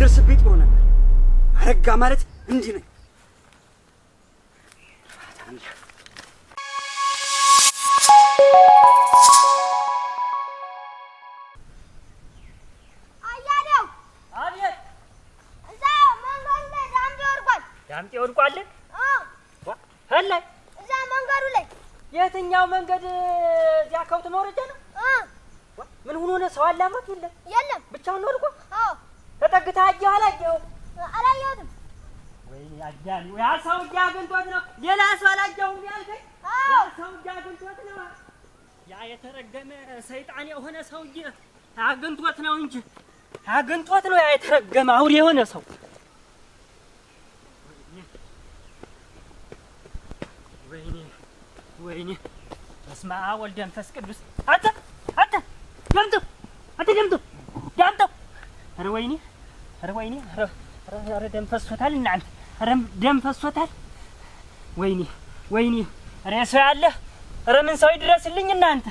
ብትደርስብኝ ጥሩ ነበር። አረጋ ማለት እንዲህ ነኝ። ዳምጤ ወድቋል። እዛ መንገዱ ላይ። የትኛው መንገድ? እዚያ ከብት መውረጃ ነው። ምን ሆኖ ነው? ሰው አላምሮት የለም ያ ሰውዬ አግኝቶት ነው። ሌላ ሰው አላየሁም ያልከኝ ያ ሰውዬ አግኝቶት ነው። ያ የተረገመ ሰይጣን የሆነ ሰውዬ አግኝቶት ነው እንጂ አግኝቶት ነው። ያ የተረገመ አውሬ የሆነ ሰው ወይኔ ወይኔ! በስመ አብ ወልድ መንፈስ ቅዱስ። አንተ አንተ ዳምጦ አንተ ዳምጦ ዳምጦ! ኧረ ወይኔ! ኧረ ወይኔ! ኧረ ኧረ ደም ፈሶታል እናንተ ረም ደም ፈሶታል። ወይኔ ወይኔ፣ ኧረ ሰው ያለ ኧረ ምን ሰው ይድረስልኝ እናንተ።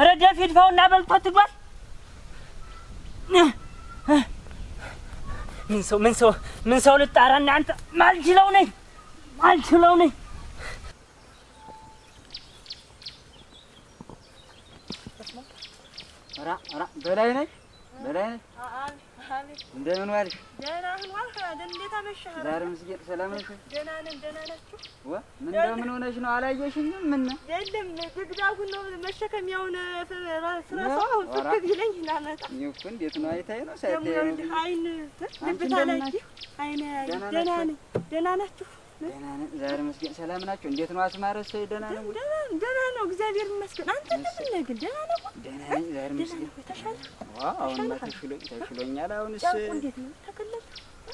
ኧረ ደም ይድፋውና በልቶት ጓል ምን ሰው ምን ሰው ምን ሰው ልጣራ እናንተ። ማልችለው ነኝ ማልችለው ነኝ። ኧረ ኧረ በላይ ነኝ በላይ ነኝ እንደምን ዋልሽ? ደህና ዋልሽ? ሰላም ነሽ? ደህና ነን። ደህና ናችሁ? ምን እንደምን ሆነሽ ነው? አላየሽኝም? ምን ነው? የለም ግብዳጉን ነው መሸከሚያውን ስረሳው ፍቅድ ይለኝ ነው? አይን ደህና ናችሁ? ዛሬ መስገን ሰላም ናቸው። እንዴት ነው አስማረስ? ደህና ነው ደህና ነው፣ እግዚአብሔር ይመስገን። አንተ እንደምን ነህ ደህና ነው ደህና ነኝ። ዛሬ መስገን ተሻለ። አሁንማ ተሽሎኛል። አሁንስ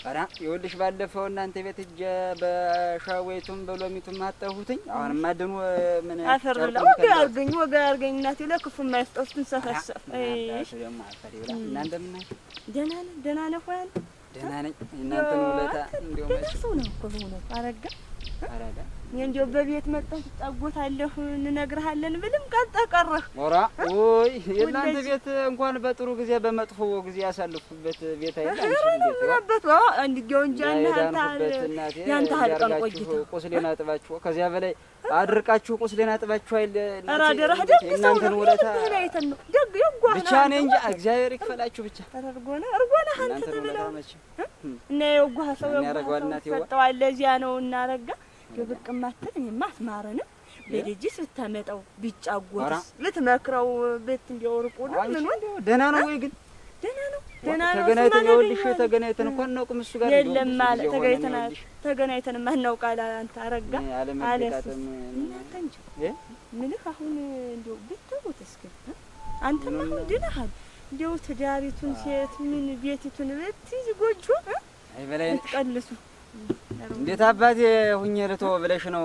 ኧረ ይኸውልሽ ባለፈው እናንተ ቤት እጀ በሻወይቱም በሎሚቱም አጠሁትኝ። አሁንማ ድኑ ምን አፈር ብላ ወጋ አርገኝ ወጋ አርገኝ እናቴ ለክፉ የማያስጠፉትን ሰፈሰፍ። እናንተ ምን ደህና ነህ ደህና ነህ ሆያል ደህና ነኝ። እናንተን ውለታ እንደው መቼም ሰው ነው እኮ አረጋ አረጋ እንዲያው በቤት መጣህ ትጫጎታለህ እንነግርሃለን ብልም ቀልጠህ ቀረህ። ሞራ ውይ የእናንተ ቤት እንኳን በጥሩ ጊዜ በመጥፎ ጊዜ ያሳልፉበት ቤት አይላበት እንዲያው እንጂ ያንተ ሀልቀን ቆይተህ ቁስሌን አጥባችሁ ከዚያ በላይ አድርቃችሁ ቁስሌን አጥባችሁ አይል ራደራህ ደግ ሰው ነው አይተን ነው ደግ የጓህ ብቻ እግዚአብሔር ይክፈላችሁ ብቻ አንተ ተብለው እና ሰው ያደርገዋል እናት ይወጣዋል ለዚያ ነው እናረጋ በብቅ ማትል ማስማረንም በደጅስ ብታመጣው ቢጫጎትስ ልትመክረው ቤት እንዲያው ነው ምን ወንድ ደህና ነው ወይ ግን ደህና ነው ደህና ነው ተገናኝተን ይኸውልሽ ተገናኝተን እንኳን እናውቅም እሱ ጋር የለም ማለት ተገናኝተን ተገናኝተን ማናውቅ አለ አንተ አረጋ አለ እናንተ እንጂ ምልህ አሁን እስኪ አንተም አሁን ትዳሪቱን ሴት ምን ቤቲቱን ብትይዝ ጎጆ አይ በላይ እንዴት አባቴ ሁኜ ልተው ብለሽ ነው?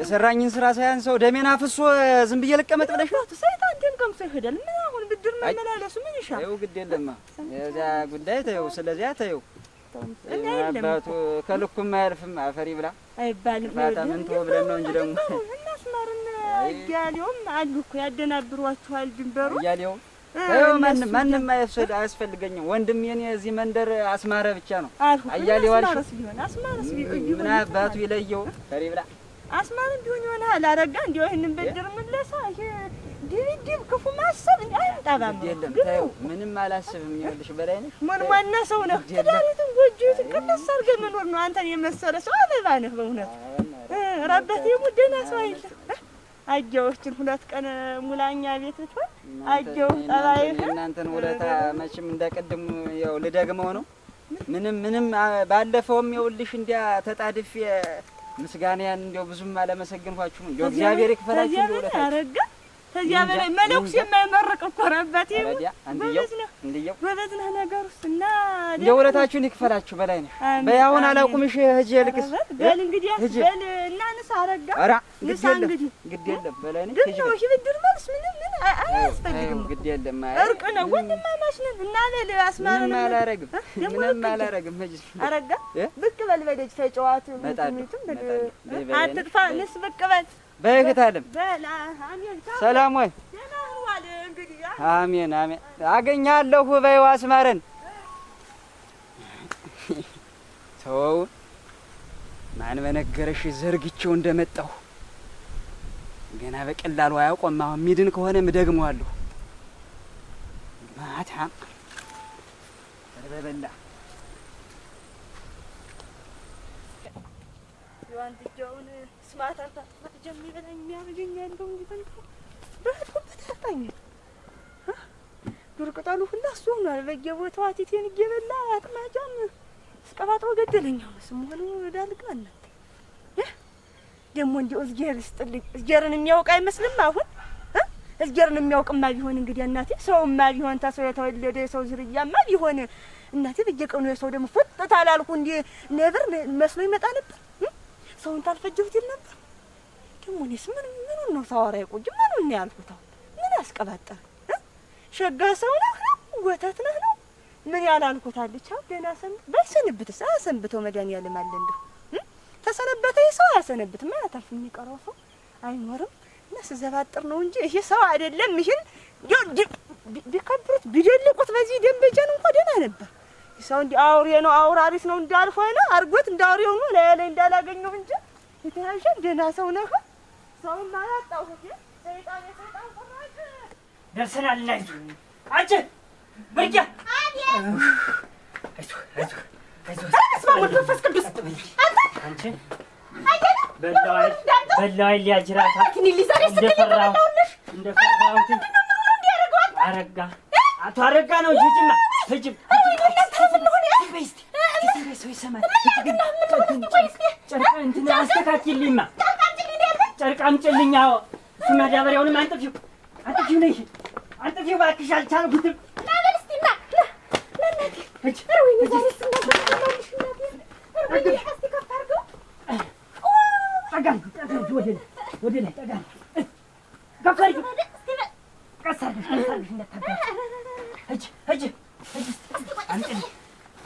የሰራኝን ስራ ሳያንሰው ሰው ደሜን አፍሶ ዝም ብዬ ልቀመጥ ብለሽ ነው? ሰይጣን ደም ቀምሶ ይሄዳል። ምን አሁን ብድር መመላለሱ ምን ይሻል? ይኸው ግድ የለማ የዚያ ጉዳይ ተይው፣ ስለዚያ ተይው። አባቱ ከልኩም አያልፍም። አፈሪ ብላ አይባልም። ባታ ምን ተው ብለን ነው እንጂ ደግሞ እናስማርና እያሌውም አሉ እኮ ያደናብሯችኋል ድንበሩ እያሌውም ማንም አያስፈልገኝም። ወንድም የኔ እዚህ መንደር አስማረ ብቻ ነው። አያሌ አስማረስ ቢሆን ምን አባቱ ይለየው ፈሪ ብላ አስማረም ቢሆን የሆነ አረጋ እንዲያው ይህንን ብድር ምለሳ ድብድብ ክፉ ማሰብ አይምጣባም። ምንም አላስብም። ይኸውልሽ በላይነሽ ምን ዋና ሰው ነህ። ትዳሪቱን ጎጆቱን ቅልስ አድርገህ መኖር ነው። አንተን የመሰለ ሰው አበባ ነህ በእውነት ረበት የሙደና ሰው አይለ አየሁችን ሁለት ቀን ሙላኛ ቤት ትሆን አየሁ ጠባይህ እናንተን ውለታ መቼም እንደቅድም ያው ልደግመው ነው። ምንም ምንም ባለፈውም የውልሽ እንዲያ ተጣድፌ ምስጋናን ያን እንዲያው ብዙም አለመሰግንኳችሁም እንዲያው እግዚአብሔር ይክፈላችሁ እንደው አረጋ ከዚያ በላይ መነኩስ የማይመረቅ እኮ ነው አባቴ። ጎበዝ ነህ ጎበዝ ነህ። እና እንደው ውለታችሁን ይክፈላችሁ በላይ ነው። በይ አሁን አላቁምሽ፣ ሂጅ ልቅስ በል እንግዲህ በል እና ንስ አረጋ ኧረ ንስ እንግዲህ ግድ የለም በላይ ነው። ግን ነው ብድር መልስ ምንም ምን አያስፈልግም። ግድ የለም እርቅ ነው ወንድማማች ነን እና በል አስማረ ነው አላረግም ምንም አላረግም። ሂጅ አረጋ ብቅ በል በደጅ ተጫዋቱ ምንም ምንም አትጥፋ ንስ ብቅ በል በህይወት አለም ሰላም ወይ አሜን አሜን። አገኛለሁ በይዋ አስማረን ተወው ማን በነገረሽ ዘርግቼው እንደመጣሁ ገና በቀላሉ አያውቆም። አሁን ሚድን ከሆነ ምደግመዋለሁ። ማታ በበላ ስማታታ የሚበላኝ የሚያበጀኝ ያለው ይበልኩ በሄድኩበት ዱር ቅጠሉ ሁላ እሱ ሆኗል። በየቦታው አቲቴን እየበላ አጥማጃም እስቀባጥሮ ደግሞ እዝጌር እዝጌርን የሚያውቅ አይመስልም አሁን እዝጌርን የሚያውቅማ ቢሆን እንግዲህ እናቴ ሰውማ ቢሆን የተወለደ የሰው ዝርያማ ቢሆን እናቴ በየቀኑ የሰው ደግሞ እንዲህ ነብር መስሎ ይመጣ ነበር። ሰውን ታልፈጀሁት ይል ነበር እኔስ ምን ምኑን ነው ታወራ ነው ያልኩት? ምን ሸጋ ሰው ነህ ነው ወተት ነህ ነው ምን ያላልኩት አለች። ደህና ሰንብት መድኃኒዓለም አለ እንደው ተሰነበተ ሰው የሚቀረው ሰው አይኖርም። ነው እንጂ ይሄ ሰው አይደለም። ይህን ቢከብሩት ቢደልቁት በዚህ እንኳ ደህና ነበር። ሰው አውሬ ነው ነው እንዳልሆነ አርጎት እንዳውሬ ሆኖ ላይ እንዳላገኘው እንጂ የተያዣ ደህና ሰው ነህ ደርሰናል። አይዞህ አንቺ ብርቅያ አረጋ አቶ አረጋ ነው ጅማ ጅም ይሰማል። አስተካክልኝማ ጨርቅ አምጪልኝ። አዎ እሱ ማዳበሪያውንም አንጥፊው፣ አንጥፊው ነይ፣ አንጥፊው እባክሽ፣ አልቻልኩትም።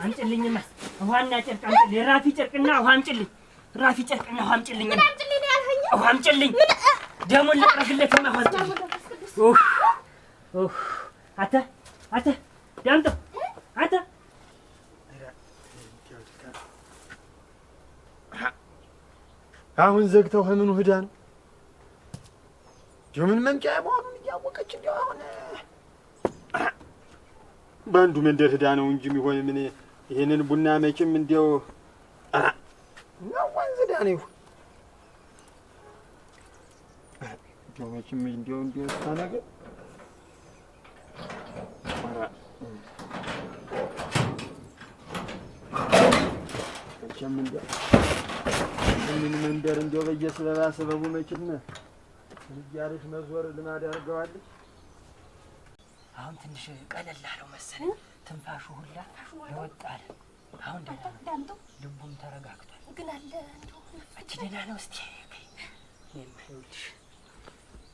አንጭልኝማ ውሃና ጨርቅ አንጭልኝ። ራፊ ጨርቅና ውሃ አምጭልኝ። ራፊ ጨርቅና ውሃ አምጭልኝ። ውሃ አምጪልኝ። ደሙን ልጠረግለት ማፋዝልኝ አንተ አንተ ዳምጦ አንተ አሁን ዘግተው ከምኑ ህዳ ነው ምን መምጫ መሆኑን እያወቀች እንዲያው አሁን በአንዱ መንደር ህዳ ነው እንጂ የሚሆን ምን ይህንን ቡና መቼም እንዲያው ወንዝ ህዳ ነው ይሁን እንደው መቼም እንደው እንደው መቼም እንደው ምን መንደር እንደው በየስበባ ስበቡ መቼም እያለች መዞር ልማድ አድርገዋለች። አሁን ትንሽ ቀለል አለው መሰለኝ ትንፋሹ ሁላ ለወጥ አለ። አሁን ደህና ነው፣ ልቡም ተረጋግቷል። ግን አለ እንደው እቺ ደህና ነው። እስኪ ይኸውልሽ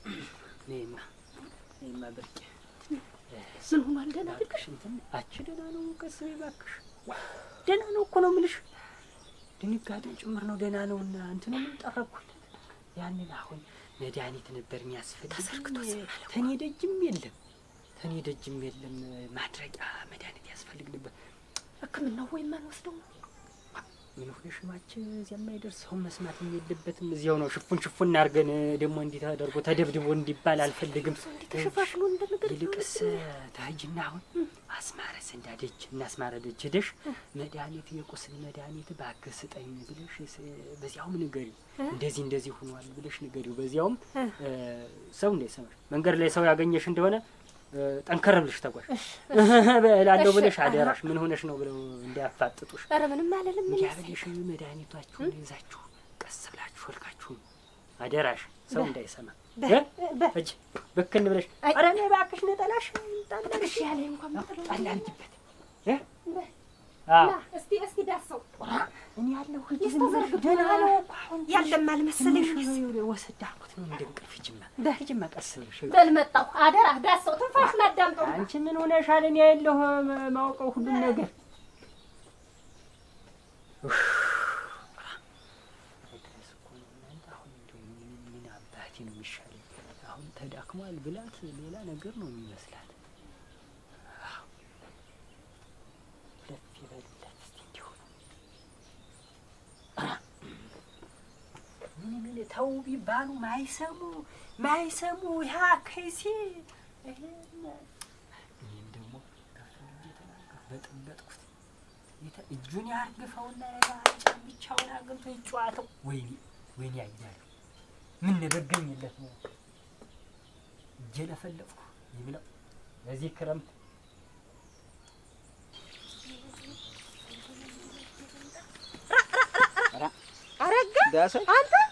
እኔማ እኔማ ብርቅ ደህና ነው። ቀስ እባክሽ። ደህና ነው እኮ ነው የምልሽ። ጭምር ነው። ደህና ነው እና እንትን ምን ጠረኩት ያንን አሁን መድኃኒት ነበር የሚያስፈልግ። ተሰርክቶ ተኔ ደጅም የለም ተኔ ደጅም የለም። ማድረቂያ መድኃኒት ያስፈልግ ነበር። ወይም አንወስደው ነው ምን ሆነ ሽማችን እዚያ የማይደርሰው መስማት የለበትም። እዚያው ነው ሽፉን ሽፉን አድርገን ደግሞ እንዲህ ተደርጎ ተደብድቦ እንዲባል አልፈልግም። ተሸፋፍሎ እንደነገር ይልቅስ ታጅና አሁን አስማረ ዘንዳ ደጅ እናስማረ ደጅ ሄደሽ መድኃኒት የቁስል መድኃኒት እባክህ ስጠኝ ብለሽ በዚያውም ንገሪው፣ እንደዚህ እንደዚህ ሆኗል ብለሽ ንገሪው። በዚያውም ሰው እንዳይሰማሽ መንገድ ላይ ሰው ያገኘሽ እንደሆነ ጠንከር ብለሽ ተጓሽ እላለሁ ብለሽ አደራሽ። ምን ሆነሽ ነው ብለው እንዲያፋጥጡሽ። ኧረ ምንም አልልም። ያበለሽ መድኃኒቷችሁን ይዛችሁ ቀስ ብላችሁ ወልቃችሁ አደራሽ፣ ሰው እንዳይሰማ እጅ ብክን ብለሽ። ኧረ እኔ እባክሽ ነጠላሽ ጣልሽ ያለ እንኳን ጣላንጅበት እስቲ እስቲ ዳሰው እኔ ያለሁ ዝም ደህና ነው እኮ አሁን ያልደማል መሰለሽ? ወሰድ አልኩት። ምን እንደንቅልፍ ሂጂማ ሂጂማ፣ ቀስ በል መጣሁ። አደራ ዳሰው ትንፋሽ ላዳምጠው። አንቺ ምን ሆነሻል? እኔ ያለሁ ማውቀው ሁሉም ነገር አሁን ተዳክሟል ብላት ሌላ ነገር ነው የሚመስላት ተው ቢባሉ ማይሰሙ ማይሰሙ ያ ከይሲ ይህም ደግሞ በጥበጥኩት እጁን ያርግፈውና ጫ ብቻውን ወይኔ ወይኔ ምን ነበገኝ የለት ነው ይብለው ክረምት አረጋ አንተ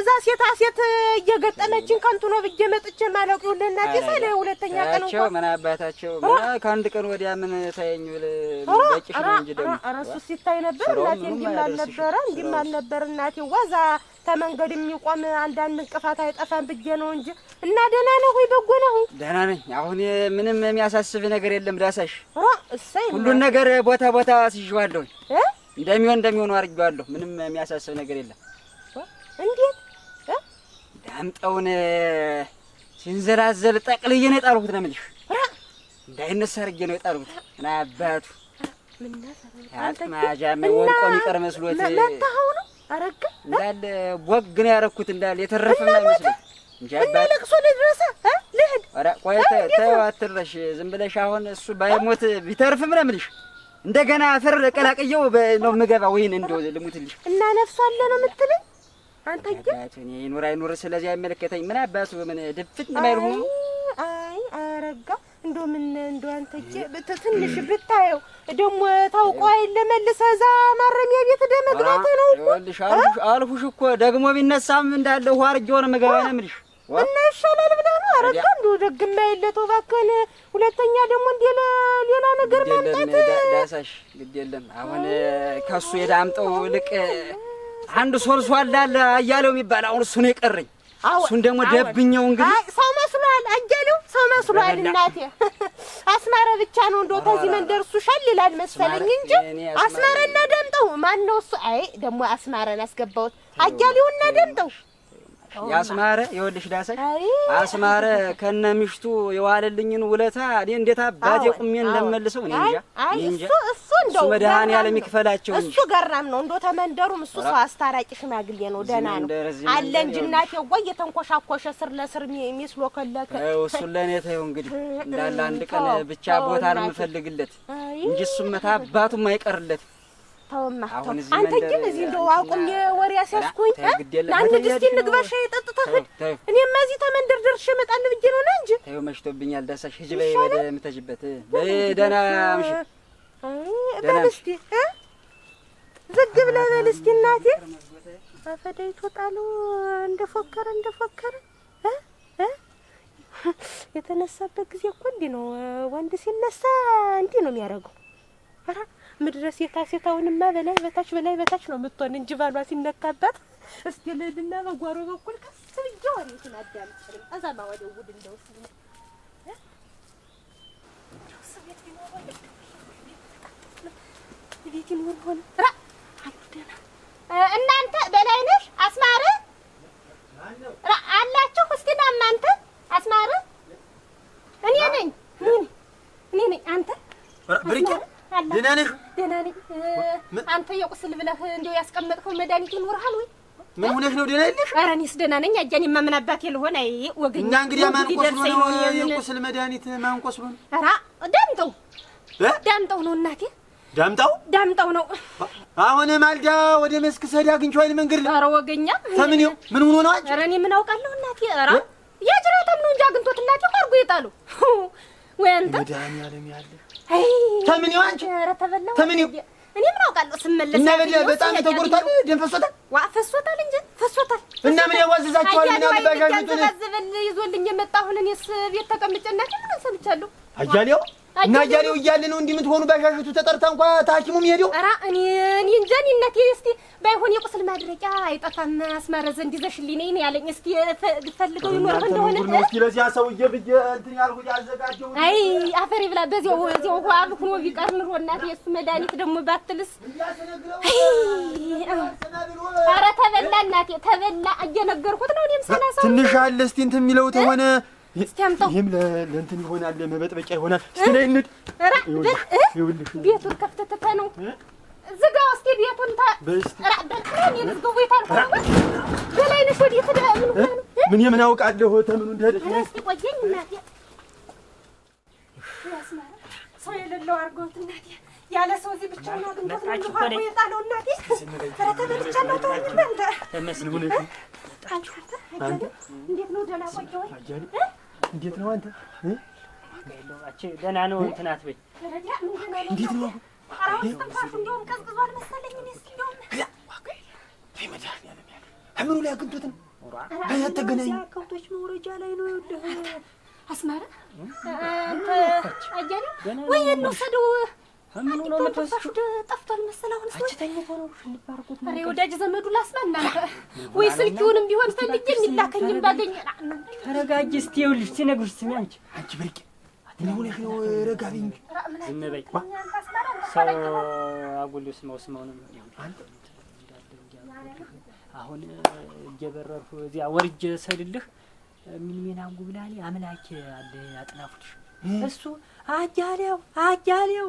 እዛ ሴታ ሴት እየገጠመችን ከንቱ ነው ብዬ መጥቼ ማለቅ ይሁን ለእናቴ ሳለ ሁለተኛ ቀን ነው። ምን አባታቸው ከአንድ ቀን ወዲያ ምን ታየኝ ብል በቂሽ ነው እንጂ ደግሞ ኧረ ሲታይ ነበር እናቴ እንዲም አልነበረ እንዲም አልነበር እናቴ ዋዛ ተመንገድ የሚቆም አንዳንድ እንቅፋት አይጠፋም ብዬ ነው እንጂ እና ደህና ነህ ወይ? በጎ ነህ ወይ? ደህና ነኝ። አሁን ምንም የሚያሳስብ ነገር የለም። ዳሳሽ እሰይ፣ ሁሉን ነገር ቦታ ቦታ አስይዤዋለሁ። እንደሚሆን እንደሚሆኑ አድርጌዋለሁ። ምንም የሚያሳስብ ነገር የለም። እንዴት ሻንጣውን ሲንዘራዘር ጠቅልዬ ነው የጣልሁት። ነው የምልሽ እንዳይነሳ አድርጌ ነው የጣልሁት። እና አባቱ አጥማጃም ወርቆ የሚቀር መስሎት እንዳለ ቦግ ነው ያደረኩት። እንዳለ የተረፈ መስሎት እንጂ አባት ለቅሶ ልድረሰ ልሂድ። ኧረ ቆይ ተይው አትረሽ። ዝም ብለሽ አሁን እሱ ባይሞት ቢተርፍም ነው የምልሽ እንደገና አፈር ቀላቅየው ነው የምገባ። ወይን እንደው ልሙትልሽ እና ነፍሷ አለ ነው የምትለኝ አንተዬ ይኑር አይኑር ስለዚህ አይመለከተኝ። ምን አባቱ ምን ድፍት ማይልሁ አይ አረጋ እንዶ ምን እንዶ አንተዬ ትንሽ ብታየው ደግሞ ታውቆ አይለ መልሰህ እዛ ማረሚያ ቤት ደ ነው እኮ አልሁሽ እኮ ደግሞ ቢነሳም እንዳለ ውሃ አርጌውን ምግባ ነው የምልሽ እና ይሻላል ብለህ ነው አረጋ እንዶ ደግማ የለ ተው እባክህን። ሁለተኛ ደግሞ እንደ ሌላ ነገር ማምጣት ዳሳሽ ግድ የለም አሁን ከሱ የዳምጠው ልቅ አንድ ሶርሶ አለ አለ አያሌው የሚባል አሁን እሱ ነው የቀረኝ። እሱን ደግሞ ደብኛው እንግዲህ ሰው መስሏል። አያሌው ሰው መስሏል። እናቴ አስማረ ብቻ ነው እንደው ተዚህ መንደር እሱ ሻል ይላል መሰለኝ እንጂ አስማረና ደምጠው ማን ነው እሱ? አይ ደግሞ አስማረን አስገባሁት። አያሌውና ደምጠው ያስማረ ይኸውልሽ ዳሰ አስማረ ከነ ሚሽቱ የዋለልኝን ውለታ እኔ እንዴት አባቴ ቁሜ እንደመልሰው እኔ እንጃ። እሱ እሱ እንደው ያለም ይክፈላቸው እንጂ እሱ ገራም ነው እንደው ተመንደሩም እሱ ሰው አስታራቂ ሽማግሌ ነው። ደህና ነው አለ እንጂ እናቴ ወይ የተንኮሻኮሸ ስር ለስር የሚስሎ ከለከ እሱ ለእኔ ተይው እንግዲህ እንዳለ አንድ ቀን ብቻ ቦታ ነው የምፈልግለት እንጂ እሱ መታ አባቱም አይቀርለት ተውማ ተው። አንተ ግን እዚህ እንደው አቁም የወሬ ያስያዝኩኝ ለአንድ ድስቲ እንግባ ሻይ ሂድ። እኔማ እዚህ ተመንደር ደርሼ እመጣለሁ ብዬ ነው እንጂ ተይው፣ መሽቶብኛል። ዳሳሽ ሂጂ በይ ወደ የምተጅበት ደህና ምሽ በል እስኪ ዝግ ብለህ በል እስኪ እናቴ አፈዳይ ቶጣሉ እንደፎከረ እንደፎከረ የተነሳበት ጊዜ እኮ እንዲህ ነው። ወንድ ሲነሳ እንዲህ ነው የሚያደርገው። ምድረ ሴታ ሴታውንማ በላይ በታች በላይ በታች ነው የምትሆን እንጂ ባሏ ሲነካበት እስቲ ልልና በጓሮ በኩል ከስ ብዬዋል እንትን አዳምጭልም እዛማ ወደ ውድ እንደው ቤት ይኖር ሆነ እናንተ በላይነሽ አስማረ አላችሁ እናንተ አስማረ እኔ ነኝ እኔ ነኝ አንተ ብርቄ ደህና ነሽ ደህና ነኝ። አንተ የቁስል ብለህ እንደው ያስቀመጥከው መድኃኒት ይኖርሃል ወይ? ምን ሆነህ ነው? ደህና የለሽ? ኧረ እኔስ ደህና ነኝ። አጃኔ ማ ምን አባቴ ልሆን? አይ ወገኝ እና እንግዲህ ማን ነው የቁስል መድኃኒት ማን ነው? ኧረ ዳምጠው ዳምጠው ነው እናቴ ዳምጣው ዳምጣው ነው። አሁን ማልዳ ወደ መስክ ስሄድ አግኝቼው መንገድ ላይ። ኧረ ወገኛ ተምን ምን ሆኖ ነው? ኧረ እኔ ምን አውቃለሁ እናቴ። ኧረ ያ ጅራታም እንጂ አግኝቶት እናቴ አድርጎ የጣሉ ወይ አንተ መድኃኒዓለም ያለ ተምኔው አንቺ ተምኔው እኔ ምን አውቃለሁ። ስመለስ እና በጣም ተጎድቷል። ደም ፈሶታል። ዋ ፈሶታል እንጂ ፈሶታል። እና ምን ያዋዝዛችኋል? ምን ያው ባጋጅቱን ይዞልኝ የመጣ አሁን እኔስ ቤት ተቀምጬ እናቴ ምን ሰምቻለሁ አያሌው እና እያሌው እያለ ነው እንዲህ የምትሆኑ ባሻሽቱ ተጠርታ እንኳ ታኪሙ ሄደው ኧረ እኔ እኔ እንጃ እኔ እናቴ እስቲ ባይሆን የቁስል ማድረቂያ አይጠፋም አስማረ እንዲዘሽልኝ ነው ያለኝ። እስቲ ፈልገው ይኖርህ እንደሆነ እስቲ ለዚያ ሰውዬ ብዬ እንትን ያልኩት ያዘጋጀው። አይ አፈሪ ብላ በዚያው እዚያው ውሃ ሁኖ ቢቀር ኑሮ እናቴ የእሱ መድኃኒት ደግሞ ባትልስ። ኧረ ተበላ እናቴ ተበላ፣ እየነገርኩት ነው እኔም ሰላሳ ትንሽ አለ እስቲ እንትን የሚለው ተሆነ እስቲ አምጣው። ይሄም ለእንትን ይሆናል፣ ለመበጥበቂያ ይሆናል። እስቲ ላይ ቤቱን ከፍተተተ ነው ዝጋው። እስቲ ቤቱን በላይነሽ ወዴት ምን የምን አውቃለሁ ተምኑ እንደሄደች እስቲ ቆየኝ እናቴ። ሰው የሌለው አድርገውት እናቴ ያለ ሰው እዚህ ብቻ ነው አግኝቶት ነው ልኋ የጣለው እናቴ። ኧረ ተበልቻለሁ ተወኝ እንዴት ነው ደህና ቆየሁ ወይ እንዴት ነው አንተ? ደህና ነው እንትን አትበይ። እንዴት ነው እንደውም ቀዝቅዟል መሰለኝ። ላይ አግኝቶት ነው? ተገናኙ ከብቶች መውረጃ ላይ ነው። አስማረ አንተ አያሌው ወይ ምን ጠፍቷል መሰል። አሁን እስኪ ወዳጅ ዘመዱ ላስማ እናንተ ወይ ስልኪውንም ቢሆን ፈልጌ የሚላከኝም ባገኝ። ተረጋጊ እስቲ። ይኸውልሽ ሲነግሩሽ ስሚ። አንቺ አንቺ ብርቅ አትነውልሽ ነው ረጋ እንጂ ዝም በይ። ሰው አጉል ስማው ስማው አሁን እየበረርኩ እዚያ ወርጄ ሰልልህ ምን ምን አንጉብላሊ አምላኬ አለ አጥናፉሽ እሱ አጃሌው አጃሌው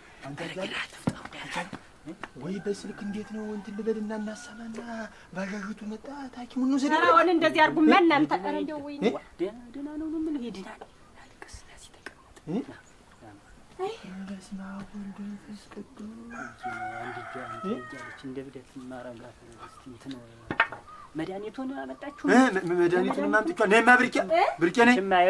ወይ በስልክ እንዴት ነው እንትን ልበልና እናሰማና ባዣዥቱ መጣ ታኪሙ ነው ዘለ አሁን እንደዚህ አርጉ መናን ታቀረ እንደው ወይ ደና ደና ነው ምን ይሄ ደና ያልከስ ያስ ተቀመጥ በስመ አብ ወወልድ ወመንፈስ ቅዱስ እንደ ብደት ማራጋት እስቲ እንትን መድኃኒቱን አመጣችሁ መድኃኒቱን እናምጥቻ ነይ ብርቄ ብርቄ ነይ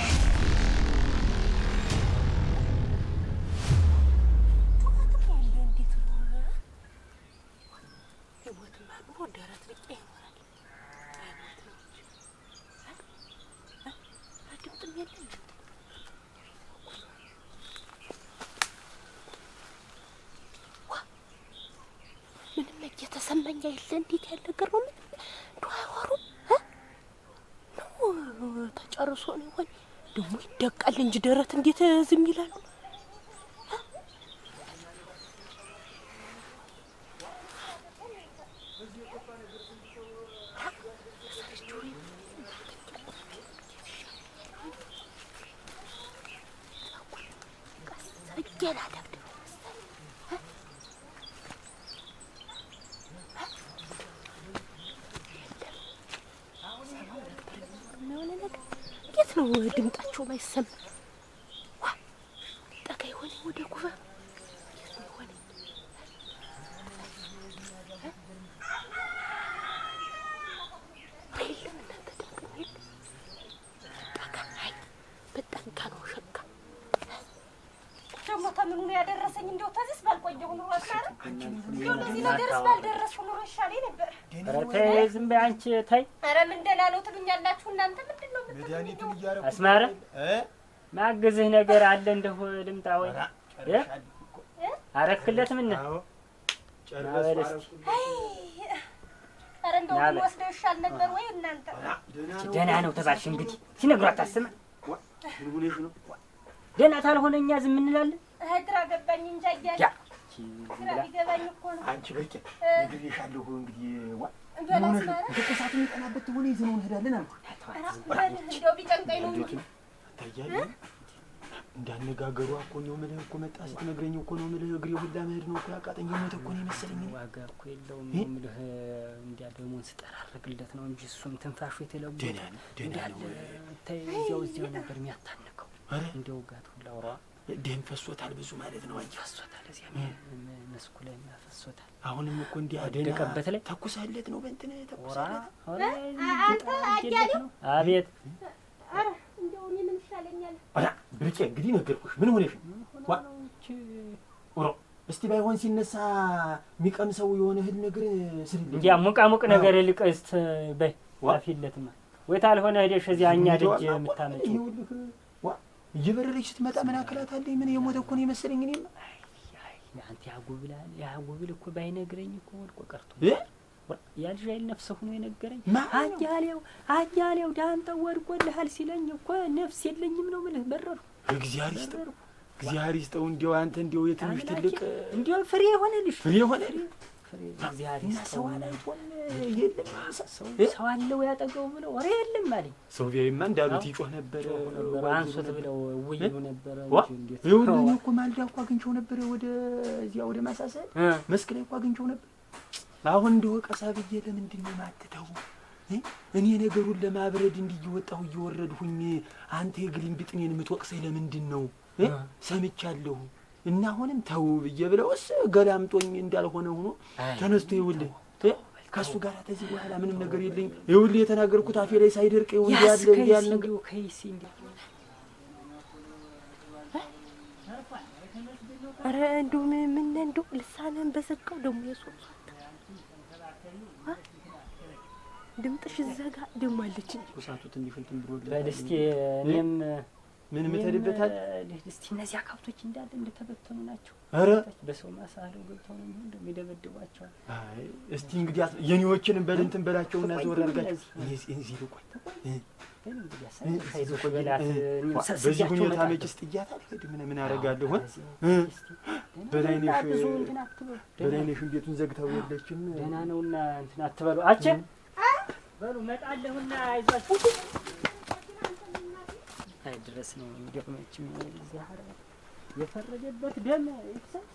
ጨርሶ ነው ይሆን ደግሞ? ይደቃል እንጂ ደረት እንዴት ዝም ይላሉ? ዝም በይ አንቺ ተይ። ኧረ ምን ደህና ነው ትሉኛላችሁ እናንተ ምንድን ነው አስማረ ማግዝህ ነገር አለ እንደው ልምጣ ወይ አረክለት ምን ደህና ነው ተባልሽ እንግዲህ ሲነግሯት አታስማ። ደህና ታልሆነ እኛ ዝም እንላለን። ግራ ገባኝ እንጃ እያለ አንቺ በቂ ነግሬሻለሁ። እንግዲህ ዋ ሰዓት የሚጠናበት ሆነ ይዘነው እንሄዳለን አልኩ። ታያለህ እኮ ነው የምልህ እኮ መጣ ስትነግረኝ እኮ ነው የምልህ እግሬ ሁላ መሄድ ነው እኮ ያቃጠኝ። ሞት እኮ ነው የመሰለኝ። ዋጋ እኮ የለውም ነው የምልህ። እንዲያ ደግሞ ስጠራርግለት ነው እንጂ እሱም ትንፋሹ የተለወጠ እንዳለ እዚያው እዚያው ነበር የሚያታንቀው። እንደው ጋት ሁላ አውራዋ ደም ፈሶታል ብዙ ማለት ነው። አየህ ፈሶታል፣ እዚያ መስኩ ላይ ፈሶታል። አሁንም እኮ እንዲህ አደነቀበት ላይ ተኩሳለት ነው በእንትን ተኩሳለት። አቤት ኧረ እንደው እኔ ምን እንግዲህ ነገርኩሽ። ምን ሆነሽ ነው? እስቲ ባይሆን ሲነሳ የሚቀምሰው የሆነ እህል ነገር ስል እንዲያ ሙቃሙቅ ነገር ልቀስት በይ ፊለትማ ወይ ታልሆነ ሄደሽ እዚያ እኛ ደጅ የምታመጪው እየበረረች ስትመጣ ምን አክላት አለኝ። ምን የሞተ እኮ ነው የመሰለኝ። እኔማ አንተ ያጎብልሃል። ያጎብል እኮ ባይነግረኝ እኮ ወድቆ ቀርቶ ያልሽ አይል ነፍሰ ሁኖ የነገረኝ አያሌው አያሌው ዳንጠው ወድቆልሃል ሲለኝ እኮ ነፍስ የለኝም ነው ምልህ። በረሩ እግዚአብሔር ይስጠው፣ እግዚአብሔር ይስጠው። እንዲያው አንተ እንዲያው የትንሽ ትልቅ እንዲያው ፍሬ ሆነልሽ፣ ፍሬ ሆነልሽ ሰው አላልሆን የለም ሰው አለው ያጠገቡ ቢያይማ እንዳሉት ይጮህ ነበረ አንሶት ብለው ውይሉ ነበረ። ይኸውልህ እኔ እኮ ማልዳ እኮ አግኝቼው ነበረ፣ ወደ ወደ ማሳሰል መስክ ላይ እኮ አግኝቼው ነበር። አሁን እንደ ወቀሳ ብዬ ለምንድን ነው የማትተው? እኔ ነገሩን ለማብረድ እንዲወጣሁ እየወረድሁኝ አንተ የግሊን ብጥኔን የምትወቅሰኝ ለምንድን ነው? ሰምቻለሁ እና አሁንም ተው ብዬ ብለውስ ገላምጦኝ እንዳልሆነ ሆኖ ተነስቶ ይኸውልህ ከእሱ ጋር ተዚህ በኋላ ምንም ነገር የለኝ። ይኸውልህ የተናገርኩት አፌ ላይ ሳይደርቅ ይኸው ያለ ያለ ነገር ከይስ እንዴ! አረ እንደው ምን እንደው ልሳንህን በዘጋው ደግሞ የሶት ድምጥሽ ዘጋ ደግሞ አለች ሳቱ ትንሽ እንትን ብሎ በደስቴ እኔም ምን ምትሄድበታል? እስቲ እነዚያ ከብቶች እንዳለ እንደተበተኑ ናቸው። ኧረ በሰው ማሳ ሄደው ገብተው ነው እንደው የሚደበድቧቸዋል። አይ እስቲ እንግዲህ የኔዎችንም በልንትን በላቸው እና ዘወር አድርጋቸው። እዚህ ልቆይ በዚህ ሁኔታ መችስ ጥያት አልሄድ ምን ምን አደርጋለሁ? በላይነሽ ቤቱን ዘግተው የለችም። ደህና ነውና እንትን አትበሉ አቸ በሉ መጣለሁና አይዟችሁ ድረስ ነው የሚደክመችም። የፈረደበት ደም ይፍሰስ